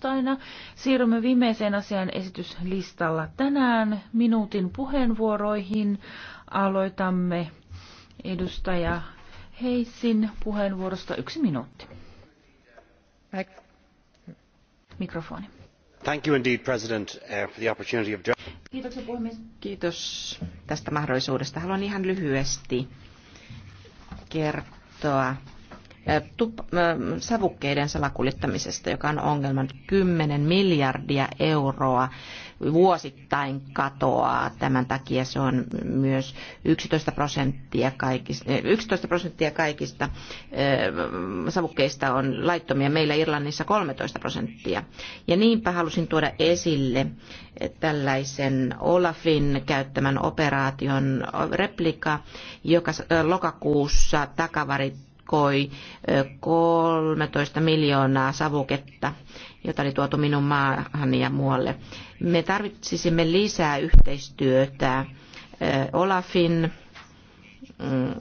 torstaina. Siirrymme viimeiseen asian esityslistalla tänään minuutin puheenvuoroihin. Aloitamme edustaja Heissin puheenvuorosta yksi minuutti. Mikrofoni. Thank you indeed, President, uh, for the opportunity of... Kiitoksia puhemies. Kiitos tästä mahdollisuudesta. Haluan ihan lyhyesti kertoa savukkeiden salakuljettamisesta, joka on ongelma 10 miljardia euroa vuosittain katoaa. Tämän takia se on myös 11 prosenttia kaikista, 11 prosenttia kaikista savukkeista on laittomia, meillä Irlannissa 13 prosenttia. Ja niinpä halusin tuoda esille tällaisen Olafin käyttämän operaation replika, joka lokakuussa takavarit rikkoi 13 miljoonaa savuketta, jota oli tuotu minun maahani ja muualle. Me tarvitsisimme lisää yhteistyötä Olafin mm,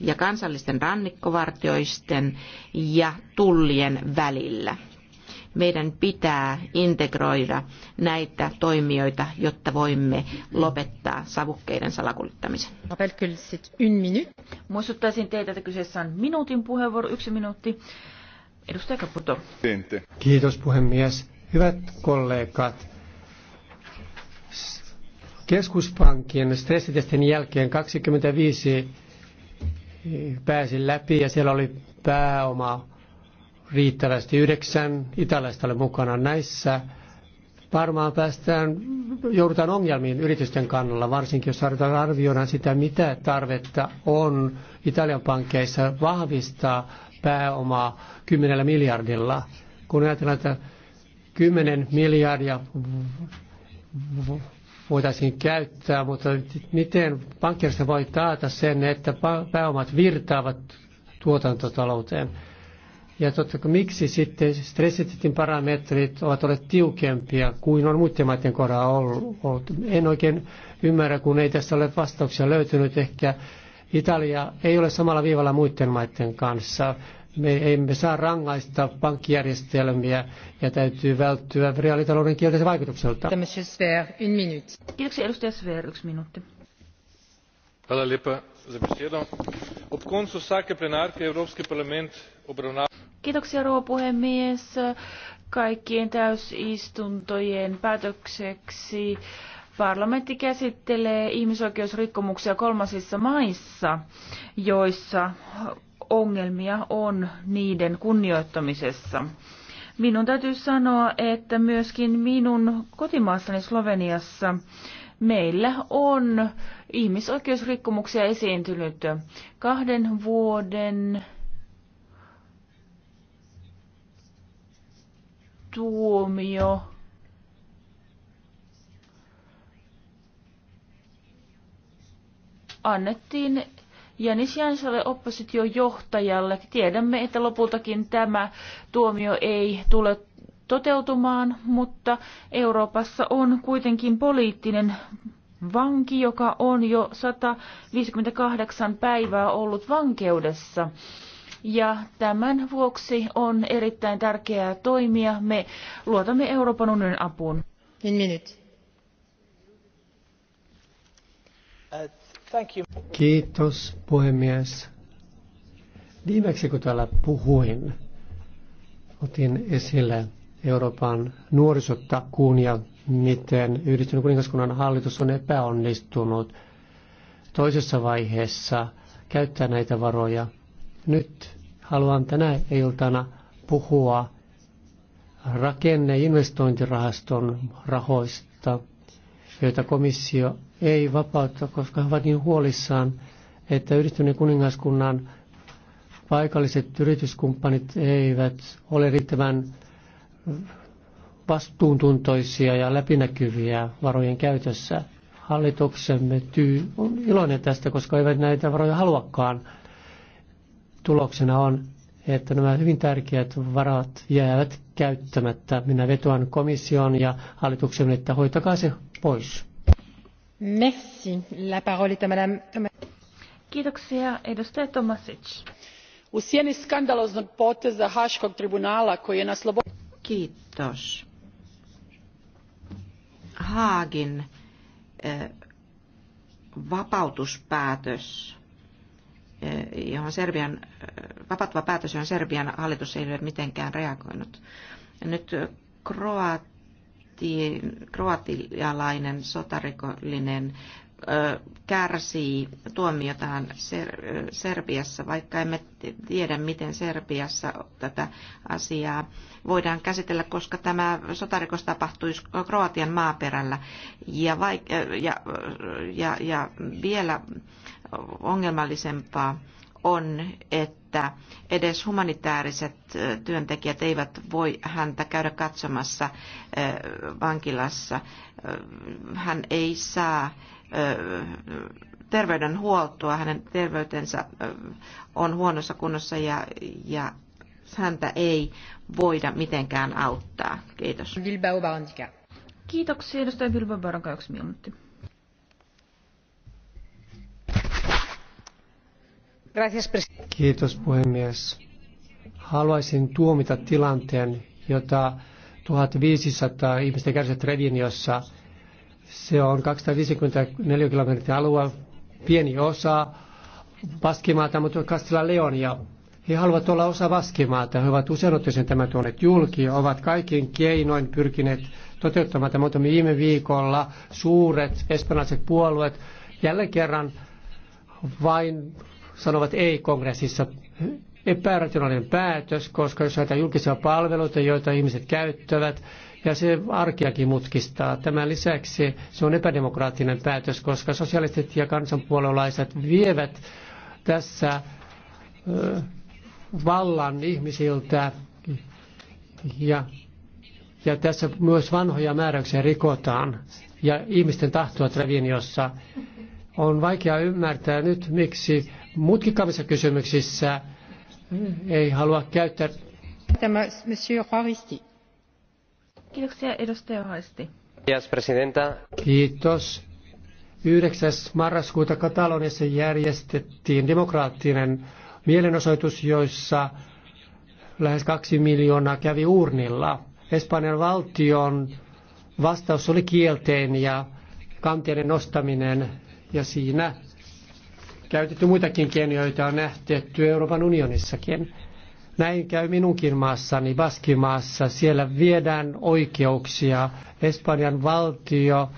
ja kansallisten rannikkovartioisten ja tullien välillä meidän pitää integroida näitä toimijoita, jotta voimme lopettaa savukkeiden salakuljettamisen. Muistuttaisin teitä, että kyseessä on minuutin puheenvuoro, yksi minuutti. Edustaja Kaputo. Kiitos puhemies. Hyvät kollegat, keskuspankin stressitesten jälkeen 25 pääsin läpi ja siellä oli pääoma riittävästi. Yhdeksän italaista oli mukana näissä. Varmaan päästään, joudutaan ongelmiin yritysten kannalla, varsinkin jos arvioidaan sitä, mitä tarvetta on Italian pankeissa vahvistaa pääomaa 10 miljardilla. Kun ajatellaan, että 10 miljardia voitaisiin käyttää, mutta miten pankeista voi taata sen, että pääomat virtaavat tuotantotalouteen? Ja totta kai miksi sitten stressitetin parametrit ovat olleet tiukempia kuin on muiden maiden kohdalla ollut. En oikein ymmärrä, kun ei tässä ole vastauksia löytynyt. Ehkä Italia ei ole samalla viivalla muiden maiden kanssa. Me emme saa rangaista pankkijärjestelmiä ja täytyy välttyä reaalitalouden kielteisen vaikutukselta. Kiitoksia edustaja Sver, yksi minuutti. Hvala lijepa ob koncu vsake plenarke Evropski parlament obravnava... Kiitoksia rouva puhemies. Kaikkien täysistuntojen päätökseksi parlamentti käsittelee ihmisoikeusrikkomuksia kolmansissa maissa, joissa ongelmia on niiden kunnioittamisessa. Minun täytyy sanoa, että myöskin minun kotimaassani Sloveniassa meillä on ihmisoikeusrikkomuksia esiintynyt kahden vuoden tuomio. Annettiin Janis Jansalle oppositiojohtajalle. Tiedämme, että lopultakin tämä tuomio ei tule toteutumaan, mutta Euroopassa on kuitenkin poliittinen vanki, joka on jo 158 päivää ollut vankeudessa. Ja tämän vuoksi on erittäin tärkeää toimia. Me luotamme Euroopan unionin apuun. Kiitos puhemies. Viimeksi kun täällä puhuin, otin esille Euroopan nuorisotakuun ja miten yhdistynyt kuningaskunnan hallitus on epäonnistunut toisessa vaiheessa käyttää näitä varoja. Nyt haluan tänä iltana puhua rakenneinvestointirahaston rahoista, joita komissio ei vapauta, koska he ovat niin huolissaan, että yhdistyneen kuningaskunnan paikalliset yrityskumppanit eivät ole riittävän vastuuntuntoisia ja läpinäkyviä varojen käytössä. Hallituksemme tyy on iloinen tästä, koska eivät näitä varoja haluakaan. Tuloksena on, että nämä hyvin tärkeät varat jäävät käyttämättä. Minä vetoan komission ja hallituksen, että hoitakaa se pois. Merci. La parole est à madame... Kiitoksia, edustaja Tomasic. U sjeni skandaloznog poteza Haškog tribunala koji je na slobodu Kiitos. Haagin vapautuspäätös, johon Serbian, vapauttava päätös, johon Serbian hallitus ei ole mitenkään reagoinut. Nyt Kroatia kroatialainen sotarikollinen kärsii tuomiotaan Serbiassa, vaikka emme tiedä, miten Serbiassa tätä asiaa voidaan käsitellä, koska tämä sotarikos tapahtui Kroatian maaperällä. Ja, vaik- ja, ja, ja vielä ongelmallisempaa on, että edes humanitaariset työntekijät eivät voi häntä käydä katsomassa vankilassa. Hän ei saa terveydenhuoltoa, hänen terveytensä on huonossa kunnossa ja, ja häntä ei voida mitenkään auttaa. Kiitos. Kiitoksia, edustaja Bilbao Barandica, yksi minuutti. Kiitos puhemies. Haluaisin tuomita tilanteen, jota 1500 ihmistä kärsivät jossa. Se on 254 kilometriä alue, pieni osa Baskimaata, mutta Kastilla Leonia. He haluavat olla osa Baskimaata. He ovat usein otteisen tämän tuoneet julki ja ovat kaikin keinoin pyrkineet toteuttamaan tämän. Mutta viime viikolla suuret espanjalaiset puolueet jälleen kerran vain sanovat ei kongressissa epärationaalinen päätös, koska jos ajatellaan julkisia palveluita, joita ihmiset käyttävät, ja se arkeakin mutkistaa. Tämän lisäksi se on epädemokraattinen päätös, koska sosialistit ja kansanpuolelaiset vievät tässä vallan ihmisiltä ja, ja tässä myös vanhoja määräyksiä rikotaan ja ihmisten tahtoa Treviniossa. On vaikea ymmärtää nyt, miksi mutkikavissa kysymyksissä ei halua käyttää. Tämä, monsieur Haristi. Kiitoksia edustaja Haisti. Kiitos. 9. marraskuuta Kataloniassa järjestettiin demokraattinen mielenosoitus, joissa lähes kaksi miljoonaa kävi urnilla. Espanjan valtion vastaus oli kielteinen ja kantien nostaminen ja siinä käytetty muitakin keinoja, joita on nähty Euroopan unionissakin. Näin käy minunkin maassani, Baskimaassa. Siellä viedään oikeuksia. Espanjan valtio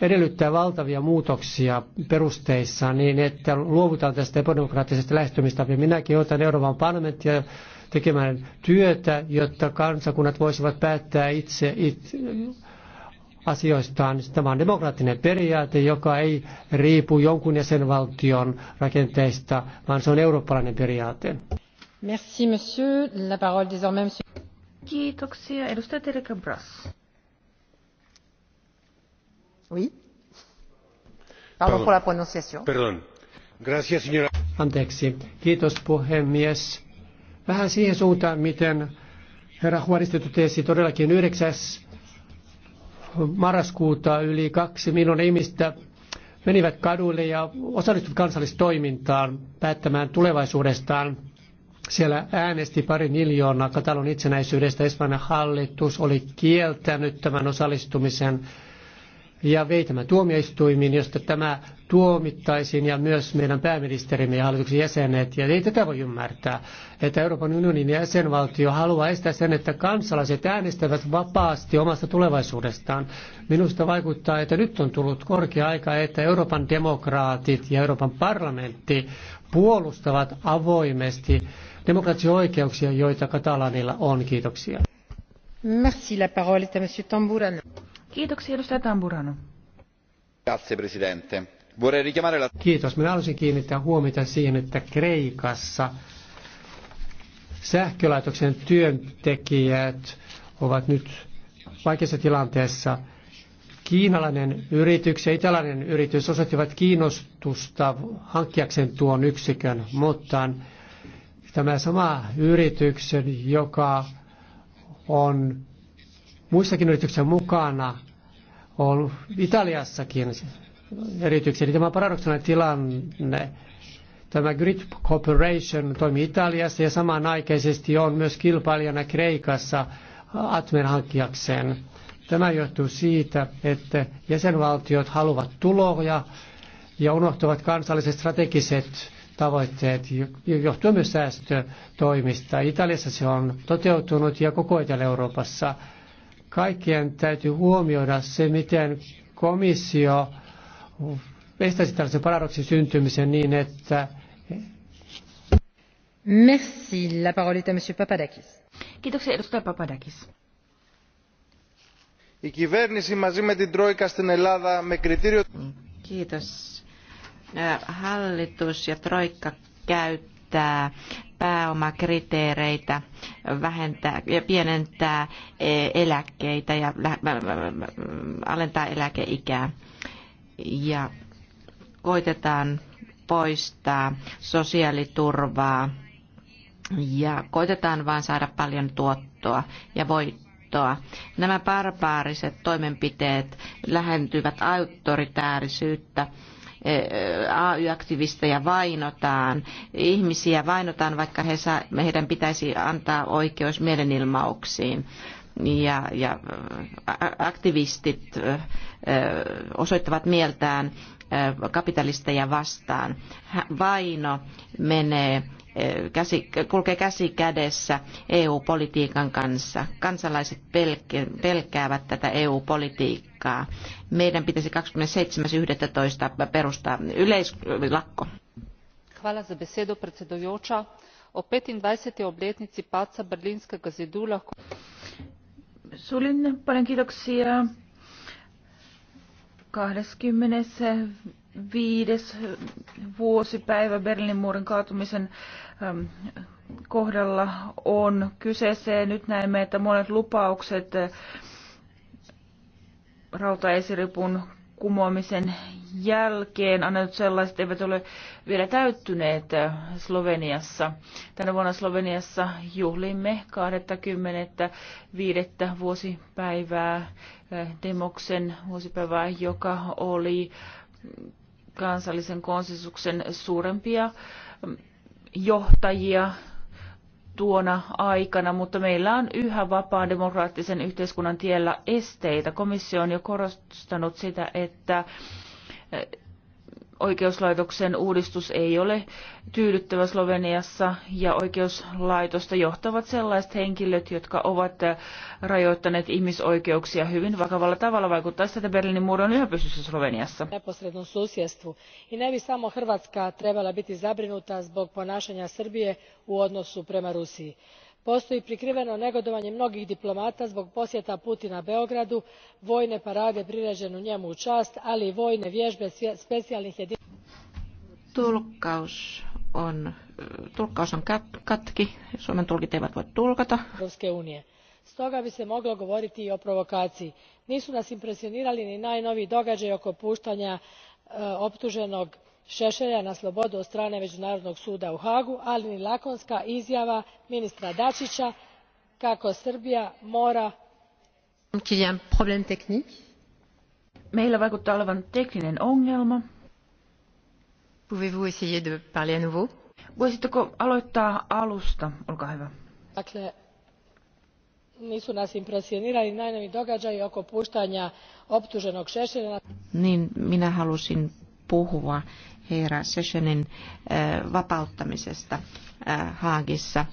edellyttää valtavia muutoksia perusteissa niin, että luovutaan tästä epädemokraattisesta lähestymistapia. Minäkin otan Euroopan parlamenttia tekemään työtä, jotta kansakunnat voisivat päättää itse, itse asioistaan. Tämä on demokraattinen periaate, joka ei riipu jonkun jäsenvaltion rakenteista, vaan se on eurooppalainen periaate. Merci, monsieur. La parole désormais, monsieur. Kiitoksia. Edustaja Terika Brass. Oui. Pardon, Pardon. pour la prononciation. Pardon. Gracias, señora. Anteeksi. Kiitos, puhemies. Vähän siihen suuntaan, miten herra Huoristo totesi todellakin 9. marraskuuta yli kaksi miljoonaa ihmistä menivät kaduille ja osallistuivat kansallistoimintaan päättämään tulevaisuudestaan. Siellä äänesti pari miljoonaa Katalon itsenäisyydestä. Espanjan hallitus oli kieltänyt tämän osallistumisen ja vei tämän tuomioistuimiin, josta tämä tuomittaisiin ja myös meidän pääministerimme ja hallituksen jäsenet. Ja ei tätä voi ymmärtää, että Euroopan unionin jäsenvaltio haluaa estää sen, että kansalaiset äänestävät vapaasti omasta tulevaisuudestaan. Minusta vaikuttaa, että nyt on tullut korkea aika, että Euroopan demokraatit ja Euroopan parlamentti puolustavat avoimesti demokratio-oikeuksia, joita katalanilla on. Kiitoksia. Merci, la parole est à monsieur Kiitoksia, edustaja Tamburano. Kiitos. Minä haluaisin kiinnittää huomiota siihen, että Kreikassa sähkölaitoksen työntekijät ovat nyt vaikeassa tilanteessa. Kiinalainen yritys ja italainen yritys osoittivat kiinnostusta hankkiakseen tuon yksikön, mutta tämä sama yrityksen, joka on muissakin yrityksissä mukana, on Italiassakin erityisesti. Eli tämä on paradoksaalinen tilanne. Tämä Grid Corporation toimii Italiassa ja samanaikaisesti on myös kilpailijana Kreikassa Atmen hankkijakseen. Tämä johtuu siitä, että jäsenvaltiot haluavat tuloja ja unohtavat kansalliset strategiset tavoitteet johtuen myös säästötoimista. Italiassa se on toteutunut ja koko Etelä-Euroopassa kaikkien täytyy huomioida se, miten komissio estäisi tällaisen paradoksin syntymisen niin, että... Merci. La parole est à monsieur Papadakis. Kiitoksia edustaja Papadakis. Η κυβέρνηση μαζί με την Τρόικα στην Ελλάδα με κριτήριο... Kiitos. Hallitus ja Troikka käyttää pääomakriteereitä, vähentää ja pienentää e, eläkkeitä ja alentaa eläkeikää. Ja koitetaan poistaa sosiaaliturvaa ja koitetaan vain saada paljon tuottoa ja voittoa. Nämä barbaariset toimenpiteet lähentyvät autoritäärisyyttä AY-aktivisteja vainotaan, ihmisiä vainotaan, vaikka he saa, heidän pitäisi antaa oikeus mielenilmauksiin. Ja, ja aktivistit osoittavat mieltään kapitalisteja vastaan. Vaino menee käsi, kulkee käsi kädessä EU-politiikan kanssa. Kansalaiset pelkäävät tätä EU-politiikkaa. Meidän pitäisi 27.11. perustaa yleislakko. Hvala za besedo, predsedujoča. O 25. obletnici paca Berlinskega zidu lahko... Sulin, paljon kiitoksia. 25 viides vuosipäivä Berlinin muurin kaatumisen ähm, kohdalla on kyseessä ja nyt näemme, että monet lupaukset äh, rautaesiripun kumoamisen jälkeen annetut sellaiset eivät ole vielä täyttyneet äh, Sloveniassa. Tänä vuonna Sloveniassa juhlimme 25. vuosipäivää, äh, Demoksen vuosipäivää, joka oli kansallisen konsensuksen suurempia johtajia tuona aikana, mutta meillä on yhä vapaan demokraattisen yhteiskunnan tiellä esteitä. Komissio on jo korostanut sitä, että oikeuslaitoksen uudistus ei ole tyydyttävä Sloveniassa ja oikeuslaitosta johtavat sellaiset henkilöt, jotka ovat rajoittaneet ihmisoikeuksia hyvin vakavalla tavalla. Vaikuttaa sitä, että Berliinin muuri on yhä pystyssä Sloveniassa. I ne bi samo Hrvatska trebala biti zabrinuta zbog ponašanja Srbije u odnosu prema Rusiji postoji prikriveno negodovanje mnogih diplomata zbog posjeta putina beogradu vojne parade priređene njemu u čast ali i vojne vježbe specijalnih jedinica europske unije. stoga bi se moglo govoriti i o provokaciji. nisu nas impresionirali ni najnoviji događaji oko puštanja e, optuženog šešelja na slobodu od strane međunarodnog suda u haagu ali ni lakonska izjava ministra dačića kako srbija mora Dakle, nisu nas impresionirali najnoviji događaji oko puštanja optuženog Šešelja. Niin, puhua herra Sessionin vapauttamisesta Haagissa.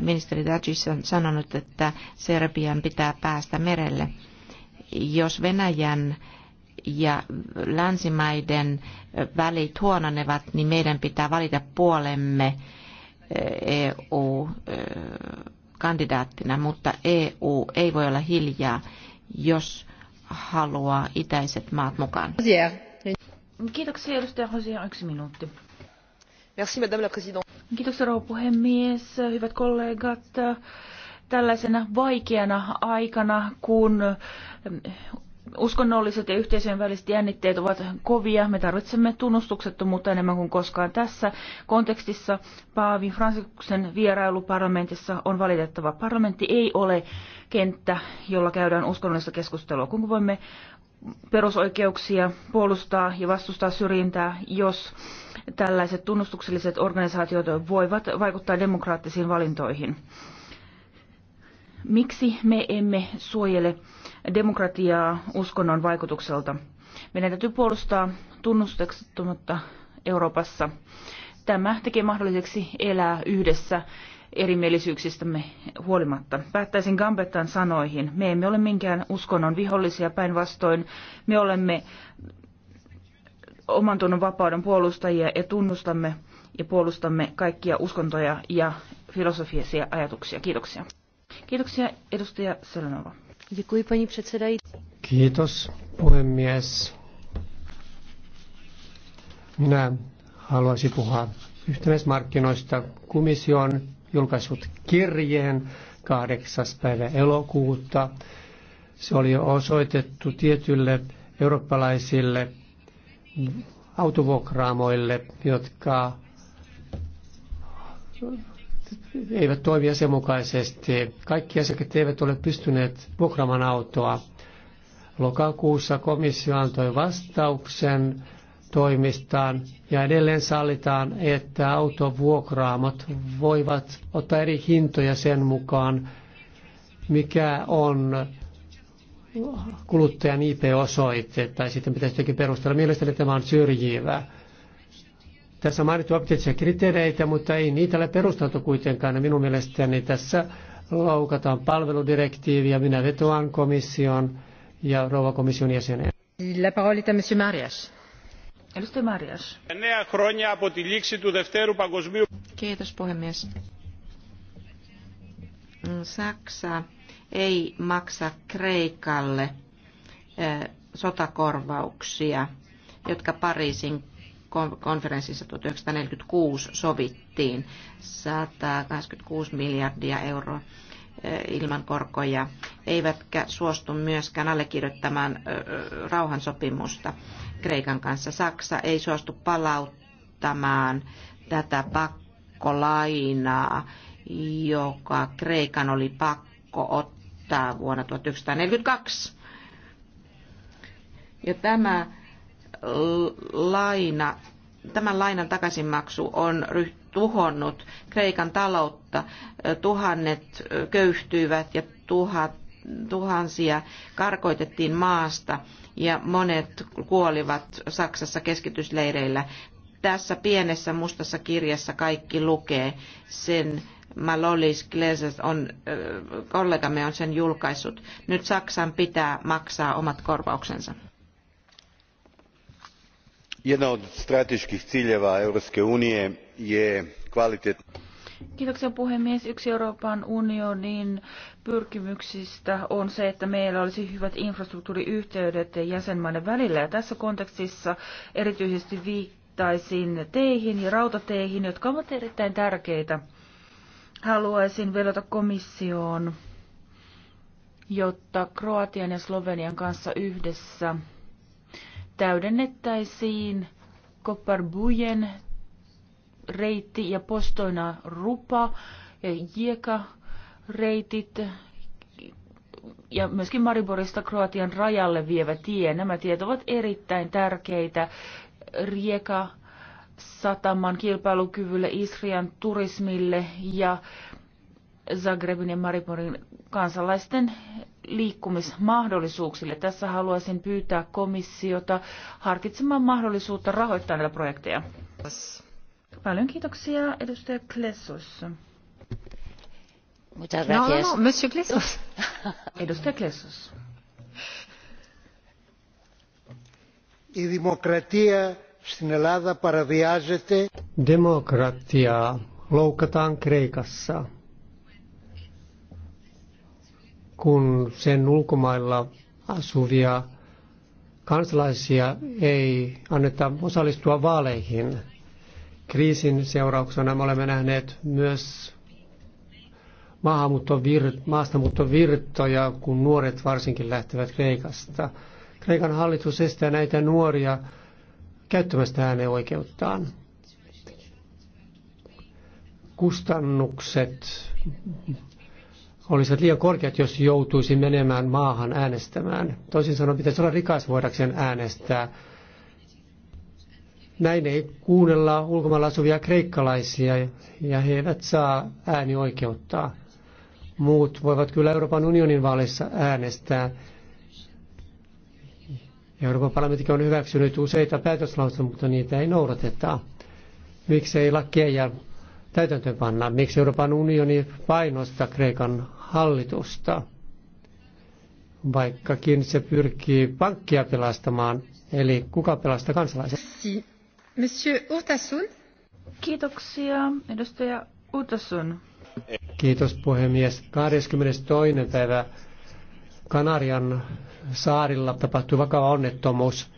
Ministeri Dajis on sanonut, että Serbian pitää päästä merelle. Jos Venäjän ja länsimaiden välit huononevat, niin meidän pitää valita puolemme EU-kandidaattina, mutta EU ei voi olla hiljaa, jos haluaa itäiset maat mukaan. Yeah. Kiitoksia Kiitoksia rouva puhemies, hyvät kollegat. Tällaisena vaikeana aikana, kun uskonnolliset ja yhteisöjen väliset jännitteet ovat kovia. Me tarvitsemme tunnustuksettomuutta enemmän kuin koskaan tässä kontekstissa. Paavi Fransiksen vierailu parlamentissa on valitettava. Parlamentti ei ole kenttä, jolla käydään uskonnollista keskustelua. Kun voimme perusoikeuksia puolustaa ja vastustaa syrjintää, jos tällaiset tunnustukselliset organisaatiot voivat vaikuttaa demokraattisiin valintoihin. Miksi me emme suojele demokratiaa uskonnon vaikutukselta? Meidän täytyy puolustaa tunnustuksettomuutta Euroopassa. Tämä tekee mahdolliseksi elää yhdessä erimielisyyksistämme huolimatta. Päättäisin Gambettan sanoihin. Me emme ole minkään uskonnon vihollisia päinvastoin. Me olemme oman tunnon vapauden puolustajia ja tunnustamme ja puolustamme kaikkia uskontoja ja filosofisia ajatuksia. Kiitoksia. Kiitoksia edustaja Selenova. Kiitos puhemies. Minä haluaisin puhua yhtenäismarkkinoista. Komission julkaissut kirjeen 8. päivä elokuuta. Se oli osoitettu tietylle eurooppalaisille autovuokraamoille, jotka eivät toimi asianmukaisesti. Kaikki asiakkaat eivät ole pystyneet vuokraamaan autoa. Lokakuussa komissio antoi vastauksen toimistaan ja edelleen sallitaan, että autovuokraamot voivat ottaa eri hintoja sen mukaan, mikä on kuluttajan IP-osoite, tai sitten pitäisi jotenkin perustella. Mielestäni tämä on syrjivää. Tässä on mainittu objektiivisia kriteereitä, mutta ei niitä ole perusteltu kuitenkaan. minun mielestäni tässä loukataan palveludirektiiviä. Minä vetoan komission ja rouva komission jäseneen. La parole est à monsieur Marias. Edustaja Marias. Kiitos puhemies. Saksa ei maksa Kreikalle eh, sotakorvauksia, jotka Pariisin konferenssissa 1946 sovittiin 126 miljardia euroa ilman korkoja, eivätkä suostu myöskään allekirjoittamaan rauhansopimusta Kreikan kanssa. Saksa ei suostu palauttamaan tätä pakkolainaa, joka Kreikan oli pakko ottaa vuonna 1942. Ja tämä laina, tämän lainan takaisinmaksu on ryhtynyt tuhonnut Kreikan taloutta. Tuhannet köyhtyivät ja tuhat, tuhansia karkoitettiin maasta ja monet kuolivat Saksassa keskitysleireillä. Tässä pienessä mustassa kirjassa kaikki lukee. Sen Malolis Gleses on, kollegamme on sen julkaissut. Nyt Saksan pitää maksaa omat korvauksensa jedan od strateških ciljeva europske unije je kvalitetna Kiitoksia puhemies. Yksi Euroopan unionin pyrkimyksistä on se, että meillä olisi hyvät infrastruktuuriyhteydet jäsenmaiden välillä. Ja tässä kontekstissa erityisesti viittaisin teihin ja rautateihin, jotka ovat erittäin tärkeitä. Haluaisin vedota komissioon, jotta Kroatian ja Slovenian kanssa yhdessä – täydennettäisiin Kopparbujen reitti ja Postoina Rupa ja Jieka reitit ja myöskin Mariborista Kroatian rajalle vievä tie. Nämä tiet ovat erittäin tärkeitä. Rieka sataman kilpailukyvylle, Israelin turismille ja Zagrebin ja Mariborin kansalaisten liikkumismahdollisuuksille. Tässä haluaisin pyytää komissiota harkitsemaan mahdollisuutta rahoittaa näitä projekteja. Paljon kiitoksia, edustaja Klessos. Muchas no, no, gracias. No, no, monsieur Klessos. edustaja Klessos. Η δημοκρατία στην Ελλάδα παραβιάζεται. Δημοκρατία loukataan Kreikassa kun sen ulkomailla asuvia kansalaisia ei anneta osallistua vaaleihin. Kriisin seurauksena me olemme nähneet myös maastamuuttovirtoja, kun nuoret varsinkin lähtevät Kreikasta. Kreikan hallitus estää näitä nuoria käyttämästä oikeuttaan Kustannukset olisivat liian korkeat, jos joutuisi menemään maahan äänestämään. Toisin sanoen pitäisi olla rikas voidakseen äänestää. Näin ei kuunnella ulkomailla asuvia kreikkalaisia ja he eivät saa äänioikeuttaa. Muut voivat kyllä Euroopan unionin vaaleissa äänestää. Euroopan parlamentti on hyväksynyt useita päätöslauselmia, mutta niitä ei noudateta. ei lakkeja ja panna, Miksi Euroopan unioni painostaa Kreikan hallitusta, vaikkakin se pyrkii pankkia pelastamaan, eli kuka pelastaa kansalaisen. Monsieur Utasun. Kiitoksia, edustaja Utasun. Kiitos puhemies. 22. päivä Kanarian saarilla tapahtui vakava onnettomuus.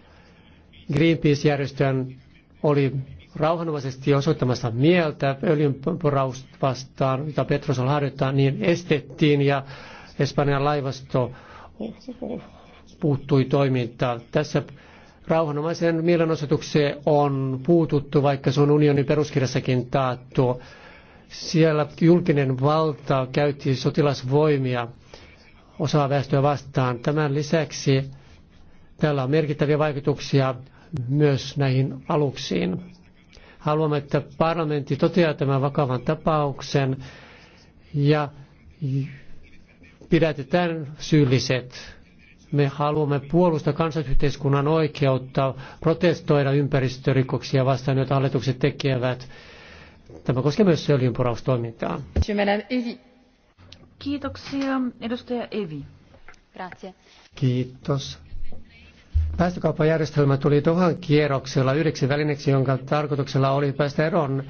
Greenpeace-järjestön oli rauhanomaisesti osoittamassa mieltä öljynporausta vastaan, jota Petrosol harjoittaa, niin estettiin ja Espanjan laivasto puuttui toimintaan. Tässä rauhanomaisen mielenosoitukseen on puututtu, vaikka se on unionin peruskirjassakin taattu. Siellä julkinen valta käytti sotilasvoimia osaa väestöä vastaan. Tämän lisäksi tällä on merkittäviä vaikutuksia myös näihin aluksiin. Haluamme, että parlamentti toteaa tämän vakavan tapauksen ja pidätetään syylliset. Me haluamme puolustaa kansallisyhteiskunnan oikeutta protestoida ympäristörikoksia vastaan, joita hallitukset tekevät. Tämä koskee myös öljynporaustoimintaa. Kiitoksia. Edustaja Evi. Grazie. Kiitos. Päästökauppajärjestelmä tuli Dohan kierroksella yhdeksi välineeksi, jonka tarkoituksella oli päästä eroon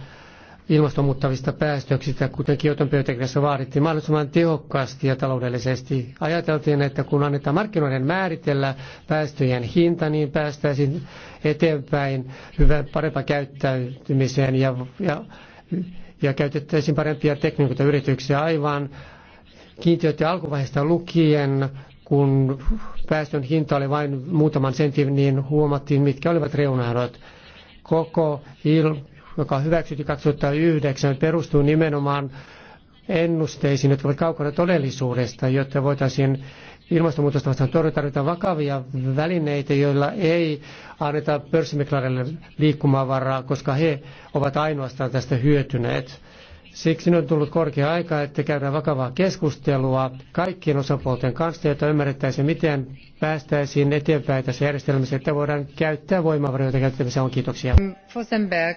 ilmastonmuuttavista päästöksistä, kuten Kioton pöytäkirjassa vaadittiin mahdollisimman tehokkaasti ja taloudellisesti. Ajateltiin, että kun annetaan markkinoiden määritellä päästöjen hinta, niin päästäisiin eteenpäin hyvä parempaan käyttäytymiseen ja, ja, ja käytettäisiin parempia tekniikoita yrityksiä aivan kiintiöiden alkuvaiheesta lukien kun päästön hinta oli vain muutaman sentin, niin huomattiin, mitkä olivat reunaerot. Koko IL, joka hyväksyttiin 2009, perustuu nimenomaan ennusteisiin, jotka ovat kaukana todellisuudesta, jotta voitaisiin ilmastonmuutosta vastaan torjua. Tarvitaan vakavia välineitä, joilla ei anneta pörssimeklarille liikkumavaraa, koska he ovat ainoastaan tästä hyötyneet Siksi nyt on tullut korkea aika, että käydään vakavaa keskustelua kaikkien osapuolten kanssa, jotta ymmärrettäisiin, miten päästäisiin eteenpäin tässä järjestelmässä, että voidaan käyttää voimavaroja, joita on. Kiitoksia. Fossenberg.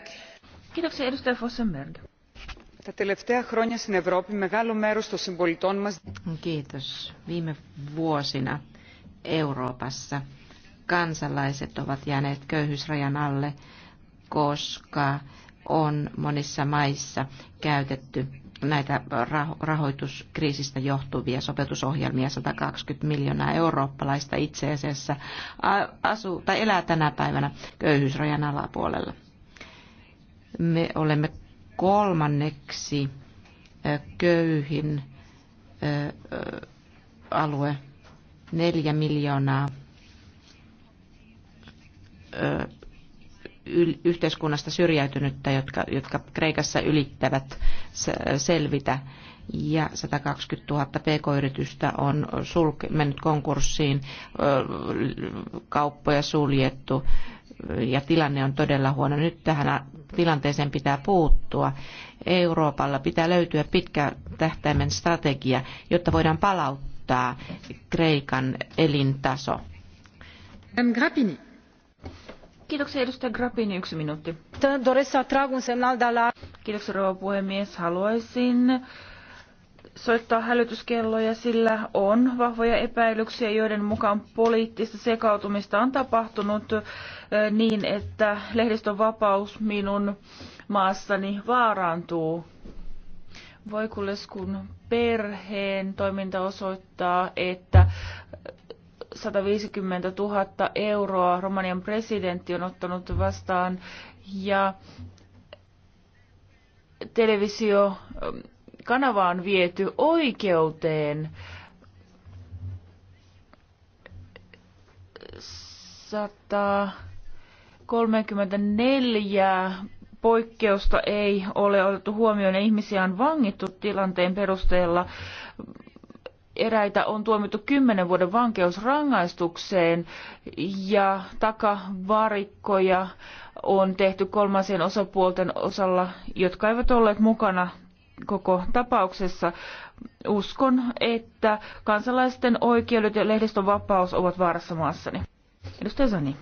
Kiitoksia, edustaja Fossenberg. Τα τελευταία χρόνια στην Ευρώπη μεγάλο μέρος των συμπολιτών μας... Kiitos. Viime vuosina Euroopassa kansalaiset ovat jääneet köyhyysrajan alle, koska on monissa maissa käytetty näitä rahoituskriisistä johtuvia sopeutusohjelmia 120 miljoonaa eurooppalaista itse asiassa asuu tai elää tänä päivänä köyhyysrajan alapuolella. Me olemme kolmanneksi köyhin alue, neljä miljoonaa yhteiskunnasta syrjäytynyttä, jotka, jotka Kreikassa ylittävät selvitä. Ja 120 000 pk-yritystä on sulke, mennyt konkurssiin, kauppoja suljettu ja tilanne on todella huono. Nyt tähän tilanteeseen pitää puuttua. Euroopalla pitää löytyä pitkä tähtäimen strategia, jotta voidaan palauttaa Kreikan elintaso. Grapini. Kiitoksia edustaja Grappini, yksi minuutti. Doresc să atrag un Kiitoksia rouva puhemies. Haluaisin soittaa hälytyskelloja, sillä on vahvoja epäilyksiä, joiden mukaan poliittista sekautumista on tapahtunut eh, niin, että lehdistön vapaus minun maassani vaarantuu. kun perheen toiminta osoittaa, että 150 000 euroa Romanian presidentti on ottanut vastaan ja televisiokanava ähm, on viety oikeuteen. 134 poikkeusta ei ole otettu huomioon ja ihmisiä on vangittu tilanteen perusteella eräitä on tuomittu kymmenen vuoden vankeusrangaistukseen ja takavarikkoja on tehty kolmansien osapuolten osalla, jotka eivät olleet mukana koko tapauksessa. Uskon, että kansalaisten oikeudet ja lehdistön vapaus ovat vaarassa maassani. Edustaja Sani.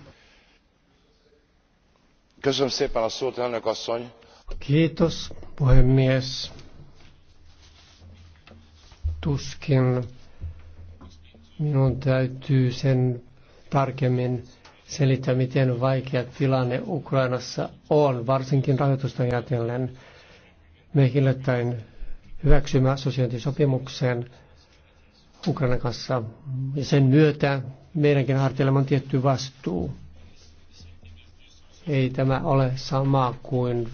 Kiitos, puhemies tuskin minun täytyy sen tarkemmin selittää, miten vaikea tilanne Ukrainassa on, varsinkin rajoitusta ajatellen. Me hiljattain hyväksymme assosiointisopimuksen Ukrainan kanssa ja sen myötä meidänkin harteillamme on tietty vastuu. Ei tämä ole sama kuin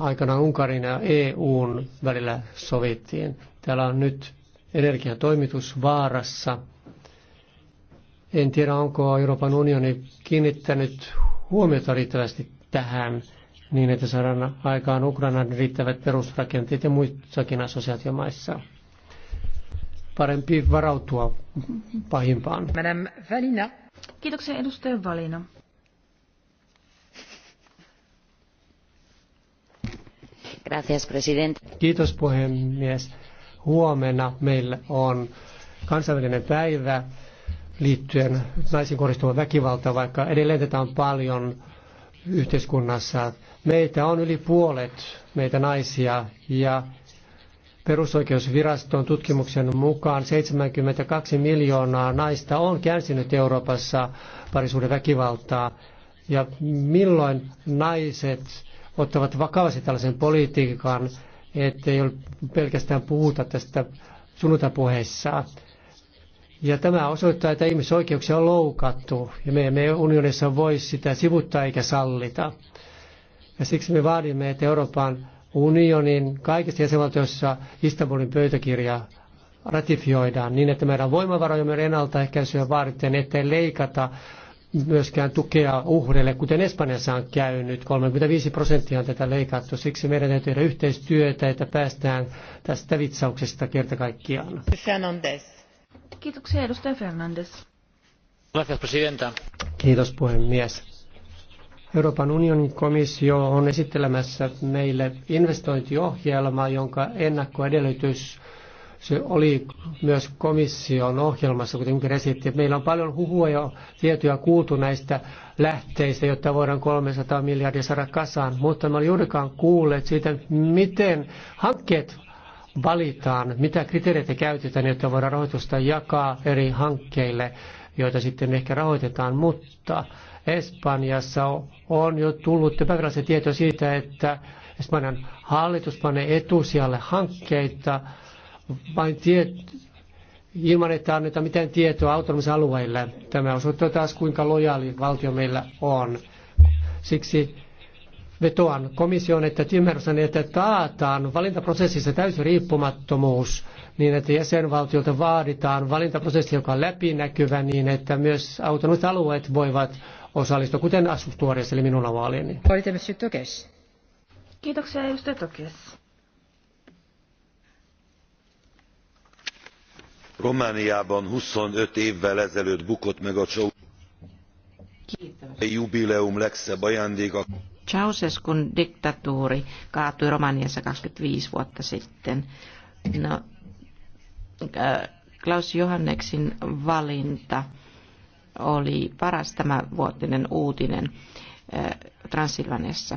aikana Unkarin ja EUn välillä sovittiin. Täällä on nyt energiatoimitus vaarassa. En tiedä, onko Euroopan unioni kiinnittänyt huomiota riittävästi tähän, niin että saadaan aikaan Ukrainan riittävät perusrakenteet ja muissakin assosiaatiomaissa. Parempi varautua pahimpaan. Madame Valina. Kiitoksia edustaja Valina. Gracias, Kiitos puhemies. Huomenna meillä on kansainvälinen päivä liittyen naisiin kohdistuvan väkivaltaan, vaikka edelleen tätä on paljon yhteiskunnassa. Meitä on yli puolet, meitä naisia, ja perusoikeusviraston tutkimuksen mukaan 72 miljoonaa naista on kärsinyt Euroopassa parisuuden väkivaltaa. Ja milloin naiset ottavat vakavasti tällaisen politiikan, ettei ole pelkästään puhuta tästä sunnuntapuheessa. Ja tämä osoittaa, että ihmisoikeuksia on loukattu ja me emme unionissa voi sitä sivuttaa eikä sallita. Ja siksi me vaadimme, että Euroopan unionin kaikissa jäsenvaltioissa Istanbulin pöytäkirja ratifioidaan niin, että meidän meidän ennaltaehkäisyä varten, ettei leikata myöskään tukea uhreille, kuten Espanjassa on käynyt. 35 prosenttia on tätä leikattu, siksi meidän täytyy tehdä yhteistyötä, että päästään tästä vitsauksesta kerta kaikkiaan. Fernandes. Kiitoksia edustaja Fernandes. Kiitos puhemies. Euroopan unionin komissio on esittelemässä meille investointiohjelmaa, jonka ennakkoedellytys se oli myös komission ohjelmassa, kuten esitti. Meillä on paljon huhua ja tietoja kuultu näistä lähteistä, jotta voidaan 300 miljardia saada kasaan, mutta me olemme juurikaan kuulleet siitä, miten hankkeet valitaan, mitä kriteereitä käytetään, jotta voidaan rahoitusta jakaa eri hankkeille, joita sitten ehkä rahoitetaan, mutta Espanjassa on jo tullut epävirallisia tietoja siitä, että Espanjan hallitus panee etusijalle hankkeita, vain tiet, ilman, että annetaan mitään tietoa autonomisalueille. Tämä osoittaa taas, kuinka lojaali valtio meillä on. Siksi vetoan komission, että Timmerson, että taataan valintaprosessissa täysin riippumattomuus niin, että jäsenvaltiolta vaaditaan valintaprosessi, joka on läpinäkyvä niin, että myös autonomiset alueet voivat osallistua, kuten asustuoreissa, eli minun avaalieni. Kiitoksia, edustaja Tokes. romániában twenty five évvel ezelőtt bukott meg a ceausescu jubileum legszebb ajándéka. Ceausescun diktatuuri kaatui Romaniassa 25 vuotta sitten. No, äh, Klaus Johanneksin valinta oli paras tämänvuotinen uutinen äh, Transilvaniassa.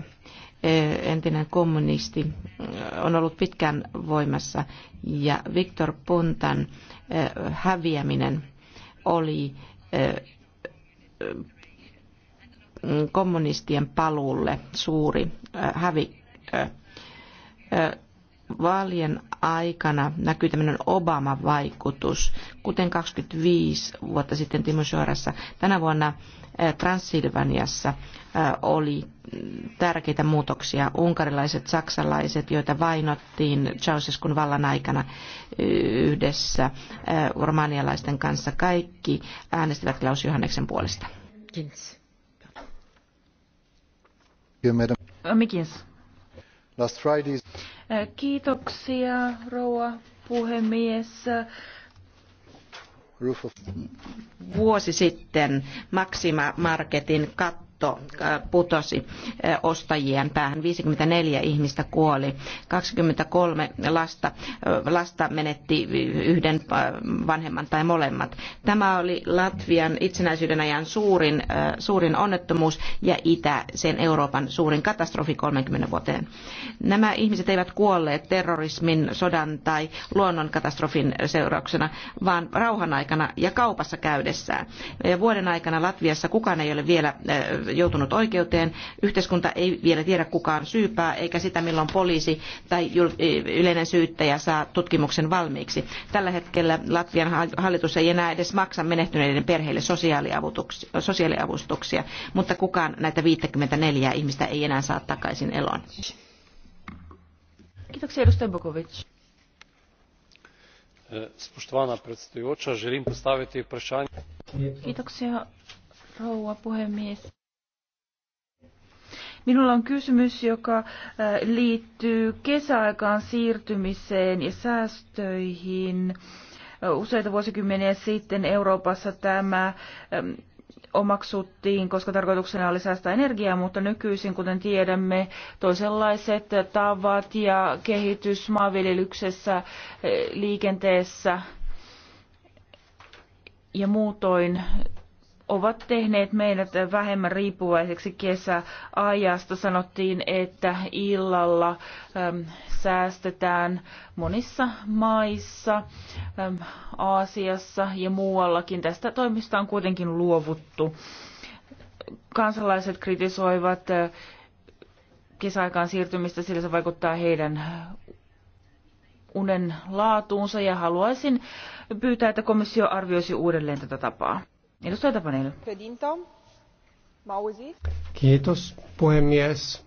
Äh, entinen kommunisti on ollut pitkään voimassa ja Viktor Pontan häviäminen oli kommunistien paluulle suuri hävikkö vaalien aikana näkyy tämmöinen Obama-vaikutus, kuten 25 vuotta sitten Timosuorassa. Tänä vuonna Transilvaniassa oli tärkeitä muutoksia. Unkarilaiset, saksalaiset, joita vainottiin Ceausescun vallan aikana yhdessä romanialaisten kanssa, kaikki äänestivät Klaus Johanneksen puolesta. Last Fridays. Kiitoksia, rouva puhemies. Vuosi sitten Maxima Marketin katto katto äh, putosi äh, ostajien päähän. 54 ihmistä kuoli. 23 lasta, äh, lasta menetti yhden vanhemman tai molemmat. Tämä oli Latvian itsenäisyyden ajan suurin, suurin onnettomuus ja itäisen Euroopan suurin katastrofi 30 vuoteen. Nämä ihmiset eivät kuolleet terrorismin, sodan tai luonnonkatastrofin seurauksena, vaan rauhan aikana ja kaupassa käydessään. Vuoden aikana Latviassa kukaan ei ole vielä joutunut oikeuteen. Yhteiskunta ei vielä tiedä kukaan syypää eikä sitä milloin poliisi tai e, yleinen syyttäjä saa tutkimuksen valmiiksi. Tällä hetkellä Latvian hallitus ei enää edes maksa menehtyneiden perheille sosiaaliavustuksia, mutta kukaan näitä 54 ihmistä ei enää saa takaisin eloon. Kiitoksia edustaja Bokovic eh, spoštovana predsedujoča želim Minulla on kysymys, joka äh, liittyy kesäaikaan siirtymiseen ja säästöihin. Äh, useita vuosikymmeniä sitten Euroopassa tämä omaksuttiin, koska tarkoituksena oli säästää energiaa, mutta nykyisin, kuten tiedämme, toisenlaiset tavat ja kehitys maanviljelyksessä, äh, liikenteessä ja muutoin ovat tehneet meidät vähemmän riippuvaiseksi kesäajasta. Sanottiin, että illalla äm, säästetään monissa maissa, äm, Aasiassa ja muuallakin. Tästä toimista on kuitenkin luovuttu. Kansalaiset kritisoivat äh, kesäaikaan siirtymistä, sillä se vaikuttaa heidän unen laatuunsa ja haluaisin pyytää, että komissio arvioisi uudelleen tätä tapaa. Edustaja Tapanelu. Kiitos, puhemies.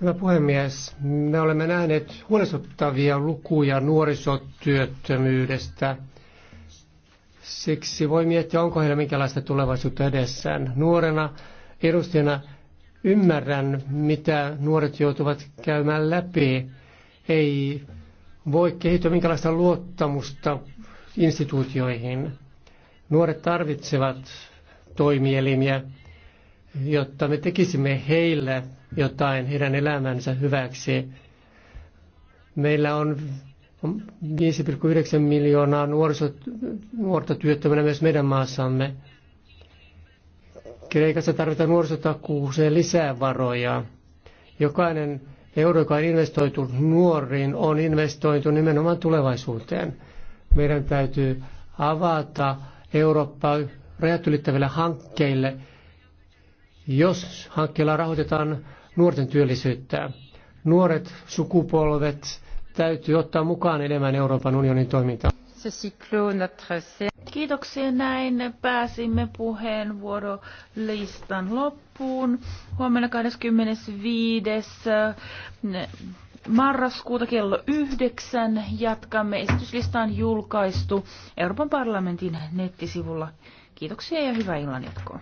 Hyvä puhemies, me olemme nähneet huolestuttavia lukuja nuorisotyöttömyydestä. Siksi voi miettiä, onko heillä minkälaista tulevaisuutta edessään. Nuorena edustajana ymmärrän, mitä nuoret joutuvat käymään läpi. Ei voi kehittyä minkälaista luottamusta instituutioihin. Nuoret tarvitsevat toimielimiä, jotta me tekisimme heille jotain heidän elämänsä hyväksi. Meillä on 5,9 miljoonaa nuorisot, nuorta työttömänä myös meidän maassamme. Kreikassa tarvitaan nuorisotakuuseen lisää varoja. Jokainen euro, joka on investoitu nuoriin, on investoitu nimenomaan tulevaisuuteen. Meidän täytyy avata Eurooppaa rajat ylittäville hankkeille, jos hankkeella rahoitetaan nuorten työllisyyttä. Nuoret sukupolvet täytyy ottaa mukaan enemmän Euroopan unionin toimintaan. Kiitoksia näin. Pääsimme puheenvuorolistan loppuun. Huomenna 25 marraskuuta kello yhdeksän jatkamme. Esityslista on julkaistu Euroopan parlamentin nettisivulla. Kiitoksia ja hyvää illanjatkoa.